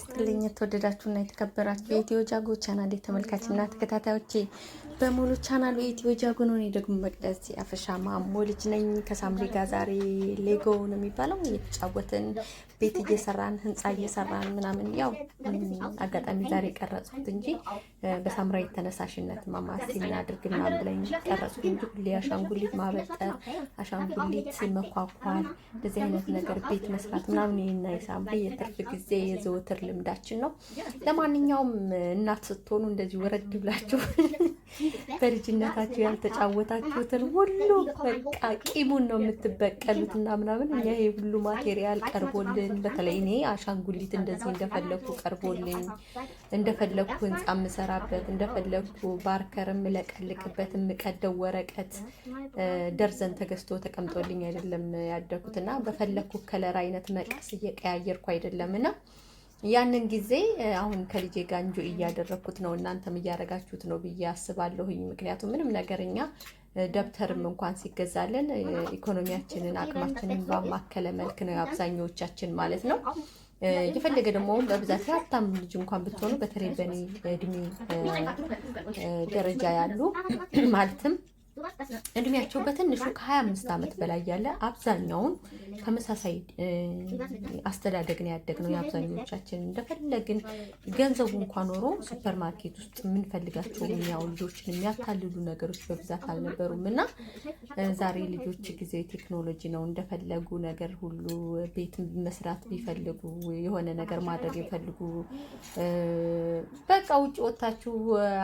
ይስጥልኝ የተወደዳችሁና የተከበራችሁ የኢትዮ ጃጎ ቻናል የተመልካችና ተከታታዮቼ በሙሉ ቻናሉ የኢትዮ ጃጎ ነው። እኔ ደግሞ መቅደስ የአፈሻ ማሞ ልጅ ነኝ። ከሳምሪ ጋር ዛሬ ሌጎ ነው የሚባለው እየተጫወትን ቤት እየሰራን ህንፃ እየሰራን ምናምን ያው አጋጣሚ ዛሬ ቀረጽኩት እንጂ በሳምራዊት ተነሳሽነት ማማስ እናድርግ ምናምን ብለኝ ቀረጽኩት እንጂ ሁሌ አሻንጉሊት ማበጠር፣ አሻንጉሊት መኳኳል፣ እንደዚህ አይነት ነገር ቤት መስራት ምናምን ይህና የሳምሪ የትርፍ ጊዜ የዘወትር ልምዳችን ነው። ለማንኛውም እናት ስትሆኑ እንደዚህ ወረድ ብላችሁ በልጅነታችሁ ያልተጫወታችሁትን ሁሉ በቃ ቂሙን ነው የምትበቀሉት እና ምናምን እኛ ይሄ ሁሉ ማቴሪያል ቀርቦልን፣ በተለይ እኔ አሻንጉሊት እንደዚህ እንደፈለግኩ ቀርቦልኝ እንደፈለግኩ ህንፃ የምሰራበት እንደፈለግኩ ባርከር የምለቀልቅበት የምቀደው ወረቀት ደርዘን ተገዝቶ ተቀምጦልኝ አይደለም ያደኩት እና በፈለግኩ ከለር አይነት መቀስ እየቀያየርኩ አይደለም እና ያንን ጊዜ አሁን ከልጄ ጋር እንጆ እያደረግኩት ነው፣ እናንተም እያደረጋችሁት ነው ብዬ አስባለሁኝ። ምክንያቱም ምንም ነገር እኛ ደብተርም እንኳን ሲገዛልን ኢኮኖሚያችንን አቅማችንን ባማከለ መልክ ነው አብዛኛዎቻችን ማለት ነው። የፈለገ ደግሞ በብዛት የሀብታም ልጅ እንኳን ብትሆኑ በተለይ በእኔ እድሜ ደረጃ ያሉ ማለትም እድሜያቸው በትንሹ ከ25 ዓመት በላይ ያለ አብዛኛውን ተመሳሳይ ያደግ ነው ያደግነው። የአብዛኞቻችን እንደፈለግን ገንዘቡ እንኳ ኖሮ ሱፐር ማርኬት ውስጥ የምንፈልጋቸው ያው ልጆችን የሚያታልሉ ነገሮች በብዛት አልነበሩም እና ዛሬ ልጆች ጊዜ ቴክኖሎጂ ነው። እንደፈለጉ ነገር ሁሉ ቤት መስራት ቢፈልጉ የሆነ ነገር ማድረግ ይፈልጉ በቃ ውጭ ወጥታችሁ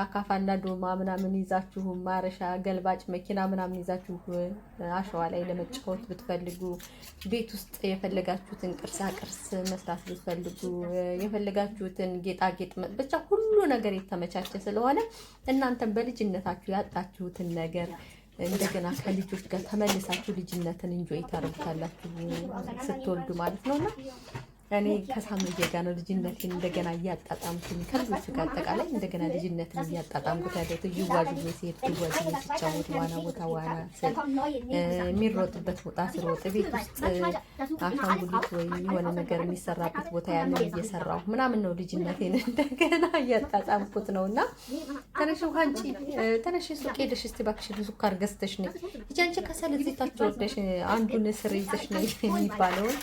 አካፋና ዶማ ምናምን ይዛችሁ ማረሻ ገልባጭ መኪና ምናምን ይዛችሁ አሸዋ ላይ ለመጫወት ብትፈልጉ፣ ቤት ውስጥ የፈለጋችሁትን ቅርሳ ቅርስ መስራት ብትፈልጉ፣ የፈለጋችሁትን ጌጣጌጥ ብቻ ሁሉ ነገር የተመቻቸ ስለሆነ እናንተም በልጅነታችሁ ያጣችሁትን ነገር እንደገና ከልጆች ጋር ተመልሳችሁ ልጅነትን እንጆይ ታደርጋላችሁ ስትወልዱ ማለት ነው እና እኔ ከሳምዬ ጋር ነው ልጅነትን እንደገና እያጣጣምኩኝ ከልጆቹ ጋር አጠቃላይ እንደገና ልጅነትን እያጣጣምኩት ያለት እዋዥ ሴት ዋዥ ሲጫወት ዋና ቦታ ዋና ስል የሚሮጥበት ቦታ ስሮጥ ቤት ውስጥ አሻንጉሊት ወይም የሆነ ነገር የሚሰራበት ቦታ ያንን እየሰራሁ ምናምን ነው ልጅነቴን እንደገና እያጣጣምኩት ነው። እና ተነሽ ውሃ ተነሽ ሱቅ ሄደሽ እስቲ እባክሽ ሱካር ገዝተሽ ነይ ሂጂ አንቺ ከሰል እዚህ ታች አንዱን ስር ይዘሽ ነይ የሚባለውን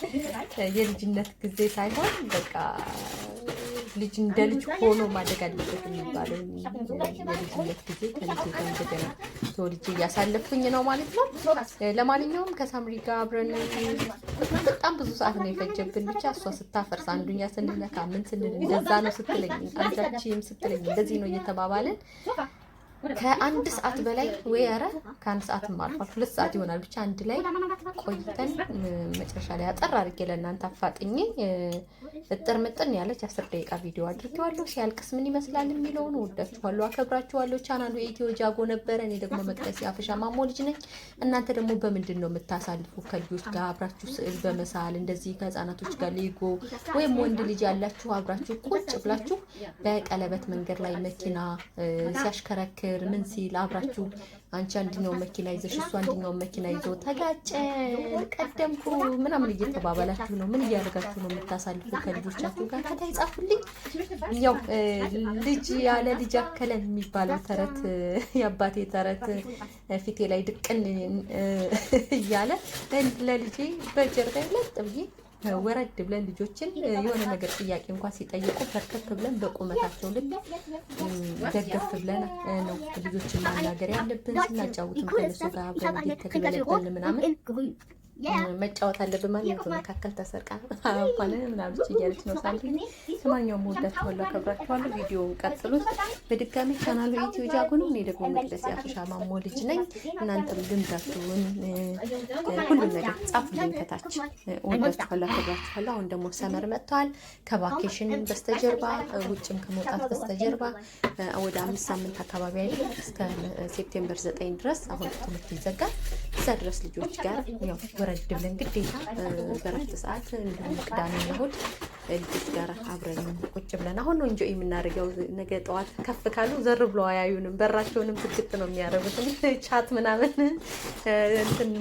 የልጅነት ጊዜ ጊዜ ሳይሆን በቃ ልጅ እንደ ልጅ ሆኖ ማደግ አለበት የሚባለው የልጅነት ጊዜ ከልጅ ጋር እንደገና ተወልጅ እያሳለፍኩኝ ነው ማለት ነው። ለማንኛውም ከሳምሪ ጋር አብረን በጣም ብዙ ሰዓት ነው የፈጀብን። ብቻ እሷ ስታፈርስ አንዱኛ ስንነካ ምን ስንል እንደዛ ነው ስትለኝ፣ አንጃችም ስትለኝ እንደዚህ ነው እየተባባልን ከአንድ ሰዓት በላይ ወይ ኧረ ከአንድ ሰዓት አልፏል፣ ሁለት ሰዓት ይሆናል። ብቻ አንድ ላይ ቆይተን መጨረሻ ላይ አጠር አድርጌ ለእናንተ አፋጥኝ እጥር ምጥን ያለች አስር ደቂቃ ቪዲዮ አድርጌዋለሁ። ሲያልቅስ ምን ይመስላል የሚለውን ወዳችኋለሁ፣ አከብራችኋለሁ። ቻናሉ የኢትዮ ጃጎ ነበረ። እኔ ደግሞ መቅደስ የአፈሻ ማሞ ልጅ ነኝ። እናንተ ደግሞ በምንድን ነው የምታሳልፉ? ከልጆች ጋር አብራችሁ ስዕል በመሳል እንደዚህ ከህፃናቶች ጋር ሌጎ ወይም ወንድ ልጅ ያላችሁ አብራችሁ ቁጭ ብላችሁ በቀለበት መንገድ ላይ መኪና ሲያሽከረክር ሲያብር ምን ሲል አብራችሁ አንቺ አንድኛው መኪና ይዘሽ እሱ አንድኛው መኪና ይዞ ተጋጨ፣ ቀደምኩ ምናምን እየተባባላችሁ ነው። ምን እያደርጋችሁ ነው የምታሳልፉ ከልጆቻችሁ ጋር? ከታይ ያው ልጅ ያለ ልጅ አከለ የሚባለው ተረት የአባቴ ተረት ፊቴ ላይ ድቅን እያለ ለልጄ በጀርባ ለጥ ብዬ ወረድ ብለን ልጆችን የሆነ ነገር ጥያቄ እንኳን ሲጠይቁ በርከክ ብለን በቁመታቸው ልክ ደገፍ ብለን ነው ልጆችን ማናገር ያለብን። ስናጫውትም ከነሱ ጋር ምናምን መጫወት አለብን ማለት ነው። መካከል ተሰርቃ አባለን ምናምን እያለች ነው ሳለ ለማንኛውም ወዳችኋለሁ፣ አከብራችኋለሁ። ቪዲዮውን ቀጥሉት። በድጋሚ ቻናሉ ዩቲዩብ ጃጎኑ እኔ ደግሞ መቅደስ ያፈሻ ማሞ ልጅ ነኝ። እናንተም ልምዳችሁን ሁሉም ነገር ጻፉልኝ ከታች። ወዳችኋለሁ፣ አከብራችኋለሁ። አሁን ደግሞ ሰመር መጥተዋል። ከቫኬሽን በስተጀርባ ውጭም ከመውጣት በስተጀርባ ወደ አምስት ሳምንት አካባቢ አይ እስከ ሴፕቴምበር ዘጠኝ ድረስ አሁን ትምህርት ይዘጋል። እዛ ድረስ ልጆች ጋር ያው ረድ ብለን ግዴታ በረፍት ሰዓት እንዲሁም ቅዳሜና እሑድ ልጆች ጋር አብረን ቁጭ ብለን አሁን ነው እንጆ የምናደርገው። ነገ ጠዋት ከፍ ካሉ ዘር ብለው አያዩንም። በራቸውንም ትግት ነው የሚያደርጉት። ቻት ምናምን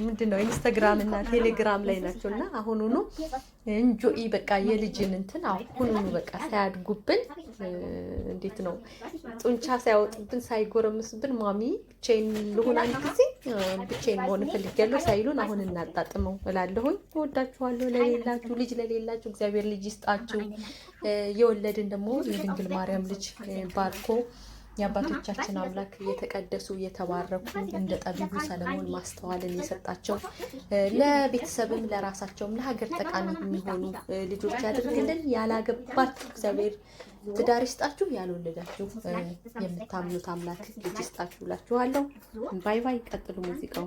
ምንድን ነው ኢንስታግራም እና ቴሌግራም ላይ ናቸው እና አሁኑኑ እንጆይ በቃ የልጅን እንትን አሁኑኑ በቃ ሳያድጉብን እንዴት ነው ጡንቻ ሳያወጡብን ሳይጎረምስብን ማሚ ብቻዬን ልሁን አንድ ጊዜ ብቻዬን መሆን እፈልጋለሁ ሳይሉን አሁን እናጣጥመው እላለሁኝ። እወዳችኋለሁ። ለሌላችሁ ልጅ ለሌላችሁ እግዚአብሔር ልጅ ይስጣችሁ። የወለድን ደግሞ የድንግል ማርያም ልጅ ባርኮ የአባቶቻችን አምላክ እየተቀደሱ እየተባረኩ እንደ ጠቢቡ ሰለሞን ማስተዋልን የሰጣቸው ለቤተሰብም ለራሳቸውም ለሀገር ጠቃሚ የሚሆኑ ልጆች ያድርግልን። ያላገባችሁ እግዚአብሔር ትዳር ይስጣችሁ፣ ያልወለዳችሁ የምታምኑት አምላክ ልጅ ይስጣችሁ እላችኋለሁ። ባይ ባይ። ቀጥሉ ሙዚቃው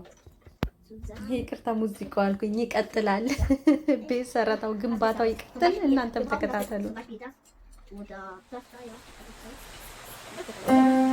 ይሄ ይቅርታ ሙዚቃው አልኩኝ። ይቀጥላል። ቤት ሰረታው ግንባታው ይቀጥል። እናንተም ተከታተሉ። Thank you.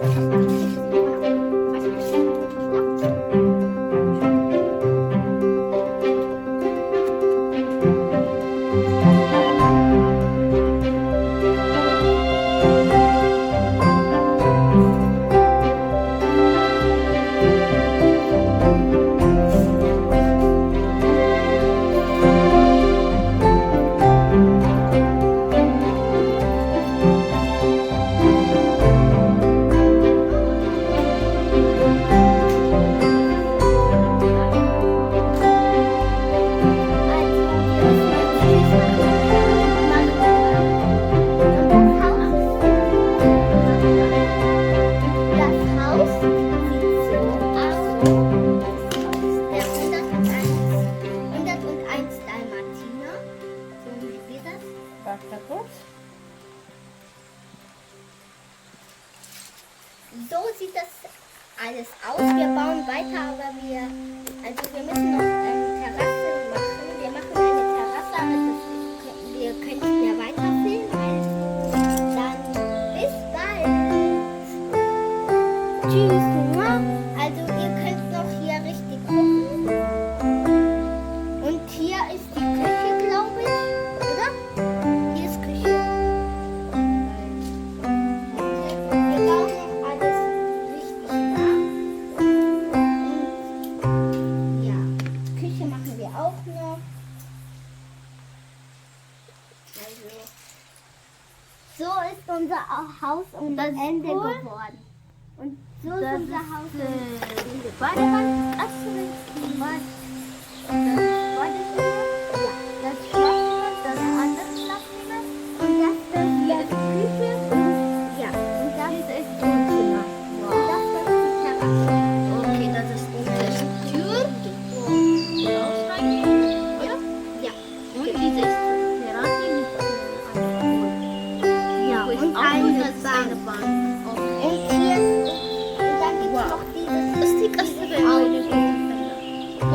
Thank you. so sieht das alles aus. Wir bauen weiter, aber wir, also wir müssen noch eine Terrasse machen. Wir machen eine Terrasse, aber wir können nicht mehr weiter filmen. Also dann bis bald. Tschüss. Also ihr So ist unser Haus um das Ende cool. geworden. Und so das ist unser Haus um Ende. Bademann, Astronaut, Bademann.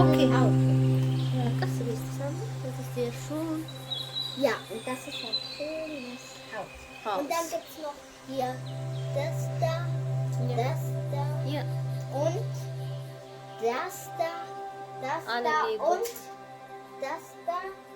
Okay, auf. Ja, das ist das. Das ist der schon. Ja, und das ist ein halt schönes Haus. Haus. Und dann gibt es noch hier das da, ja. das da ja. und das da, das Alle da Leben. und das da.